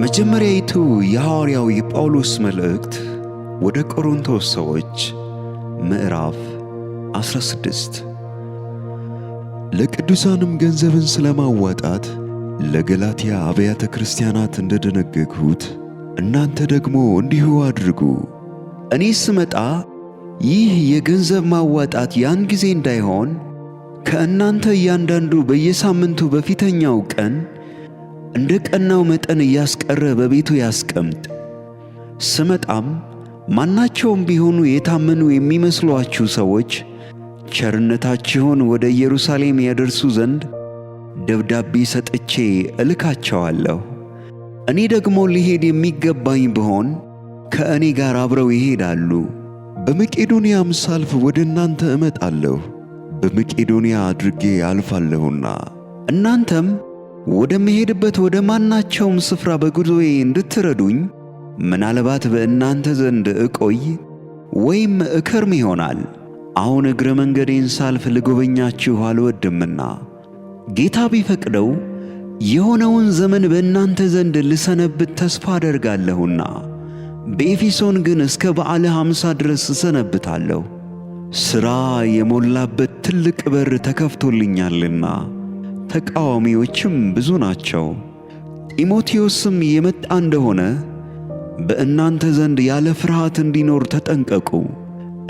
መጀመሪያይቱ የሐዋርያው የጳውሎስ መልእክት ወደ ቆሮንቶስ ሰዎች ምዕራፍ 16 ለቅዱሳንም ገንዘብን ስለማዋጣት ለገላትያ አብያተ ክርስቲያናት እንደደነገግሁት እናንተ ደግሞ እንዲሁ አድርጉ። እኔ ስመጣ ይህ የገንዘብ ማዋጣት ያን ጊዜ እንዳይሆን ከእናንተ እያንዳንዱ በየሳምንቱ በፊተኛው ቀን እንደ ቀናው መጠን እያስቀረ በቤቱ ያስቀምጥ። ስመጣም ማናቸውም ቢሆኑ የታመኑ የሚመስሏችሁ ሰዎች ቸርነታችሁን ወደ ኢየሩሳሌም ያደርሱ ዘንድ ደብዳቤ ሰጥቼ እልካቸዋለሁ። እኔ ደግሞ ሊሄድ የሚገባኝ ብሆን ከእኔ ጋር አብረው ይሄዳሉ። በመቄዶንያም ሳልፍ ወደ እናንተ እመጣለሁ፤ በመቄዶንያ አድርጌ አልፋለሁና እናንተም ወደምሄድበት ወደ ማናቸውም ስፍራ በጉዞዬ እንድትረዱኝ ምናልባት በእናንተ ዘንድ እቆይ ወይም እከርም ይሆናል። አሁን እግረ መንገዴን ሳልፍ ልጎበኛችሁ አልወድምና ጌታ ቢፈቅደው የሆነውን ዘመን በእናንተ ዘንድ ልሰነብት ተስፋ አደርጋለሁና። በኤፌሶን ግን እስከ በዓለ ሐምሳ ድረስ እሰነብታለሁ፤ ሥራ የሞላበት ትልቅ በር ተከፍቶልኛልና። ተቃዋሚዎችም ብዙ ናቸው። ጢሞቴዎስም የመጣ እንደሆነ በእናንተ ዘንድ ያለ ፍርሃት እንዲኖር ተጠንቀቁ፤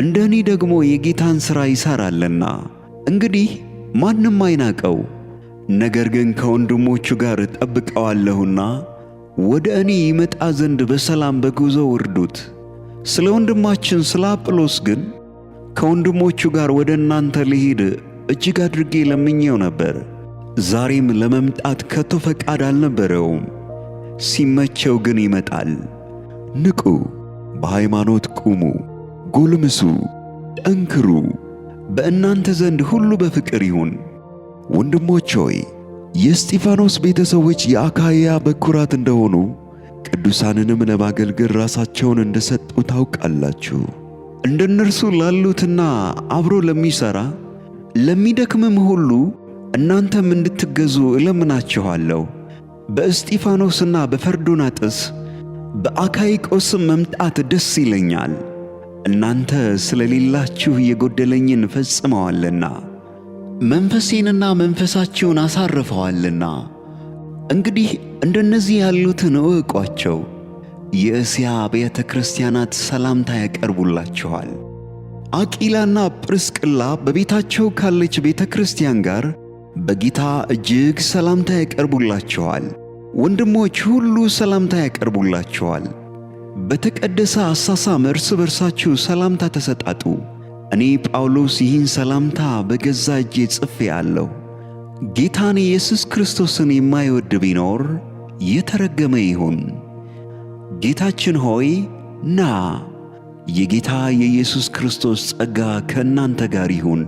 እንደ እኔ ደግሞ የጌታን ሥራ ይሠራልና። እንግዲህ ማንም አይናቀው፤ ነገር ግን ከወንድሞቹ ጋር እጠብቀዋለሁና ወደ እኔ ይመጣ ዘንድ በሰላም በጉዞ እርዱት። ስለ ወንድማችን ስለ አጵሎስ ግን ከወንድሞቹ ጋር ወደ እናንተ ልሂድ እጅግ አድርጌ ለምኜው ነበር። ዛሬም ለመምጣት ከቶ ፈቃድ አልነበረውም። ሲመቸው ግን ይመጣል። ንቁ፣ በሃይማኖት ቁሙ፣ ጎልምሱ፣ ጠንክሩ፣ በእናንተ ዘንድ ሁሉ በፍቅር ይሁን። ወንድሞች ሆይ የእስጢፋኖስ ቤተሰቦች የአካይያ በኩራት እንደሆኑ ቅዱሳንንም ለማገልገል ራሳቸውን ሰጡ ታውቃላችሁ። እንደ እነርሱ ላሉትና አብሮ ለሚሠራ ለሚደክምም ሁሉ እናንተም እንድትገዙ እለምናችኋለሁ። በእስጢፋኖስና በፈርዶናጥስ በአካይቆስም መምጣት ደስ ይለኛል፤ እናንተ ስለሌላችሁ የጎደለኝን ፈጽመዋልና መንፈሴንና መንፈሳችሁን አሳርፈዋልና። እንግዲህ እንደነዚህ ያሉትን እወቋቸው። የእስያ አብያተ ክርስቲያናት ሰላምታ ያቀርቡላችኋል። አቂላና ጵርስቅላ በቤታቸው ካለች ቤተ ክርስቲያን ጋር በጌታ እጅግ ሰላምታ ያቀርቡላችኋል። ወንድሞች ሁሉ ሰላምታ ያቀርቡላችኋል። በተቀደሰ አሳሳም እርስ በርሳችሁ ሰላምታ ተሰጣጡ። እኔ ጳውሎስ ይህን ሰላምታ በገዛ እጄ ጽፌ አለሁ። ጌታን ኢየሱስ ክርስቶስን የማይወድ ቢኖር የተረገመ ይሁን። ጌታችን ሆይ ና። የጌታ የኢየሱስ ክርስቶስ ጸጋ ከእናንተ ጋር ይሁን።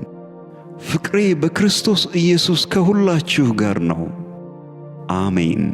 ፍቅሬ በክርስቶስ ኢየሱስ ከሁላችሁ ጋር ነው። አሜን።